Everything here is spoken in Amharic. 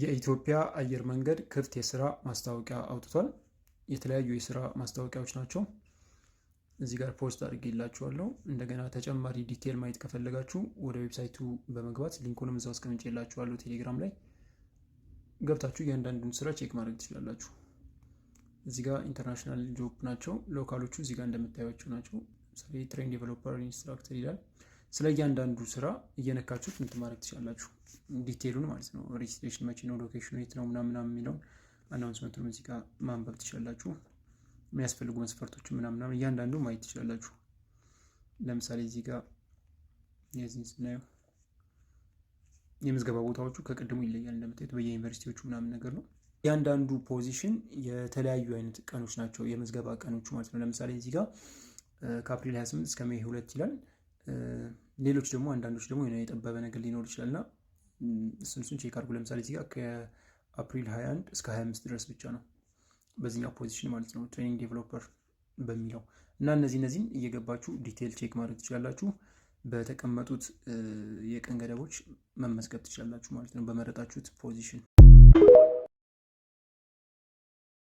የኢትዮጵያ አየር መንገድ ክፍት የስራ ማስታወቂያ አውጥቷል። የተለያዩ የስራ ማስታወቂያዎች ናቸው። እዚህ ጋር ፖስት አድርጌላችኋለሁ። እንደገና ተጨማሪ ዲቴል ማየት ከፈለጋችሁ ወደ ዌብሳይቱ በመግባት ሊንኩንም እዛው አስቀምጬላችኋለሁ ቴሌግራም ላይ ገብታችሁ እያንዳንዱን ስራ ቼክ ማድረግ ትችላላችሁ። እዚህ ጋር ኢንተርናሽናል ጆብ ናቸው። ሎካሎቹ እዚህ ጋር እንደምታዩቸው ናቸው። ለምሳሌ ትሬን ዴቨሎፐር ኢንስትራክተር ይላል። ስለ እያንዳንዱ ስራ እየነካችሁት እንትን ማድረግ ትችላላችሁ። ዲቴሉን ማለት ነው። ሬጅስትሬሽን መቼ ነው፣ ሎኬሽኑ የት ነው ምናምን የሚለውን አናውንስመንቱን እዚህ ጋር ማንበብ ትችላላችሁ። የሚያስፈልጉ መስፈርቶችን ምናምናም እያንዳንዱ ማየት ትችላላችሁ። ለምሳሌ እዚህ ጋር የዚህን ስናየው የምዝገባ ቦታዎቹ ከቅድሙ ይለያል። እንደምታዩት በየዩኒቨርሲቲዎቹ ምናምን ነገር ነው። እያንዳንዱ ፖዚሽን የተለያዩ አይነት ቀኖች ናቸው፣ የምዝገባ ቀኖቹ ማለት ነው። ለምሳሌ እዚህ ጋር ከአፕሪል 28 እስከ ሜይ ሁለት ይላል። ሌሎች ደግሞ አንዳንዶች ደግሞ የጠበበ ነገር ሊኖር ይችላል እና እሱን እሱን ቼክ አድርጉ። ለምሳሌ እዚህ ጋር ከአፕሪል 21 እስከ 25 ድረስ ብቻ ነው በዚህኛው ፖዚሽን ማለት ነው ትሬኒንግ ዴቨሎፐር በሚለው እና እነዚህ እነዚህን እየገባችሁ ዲቴል ቼክ ማድረግ ትችላላችሁ። በተቀመጡት የቀን ገደቦች መመዝገብ ትችላላችሁ ማለት ነው በመረጣችሁት ፖዚሽን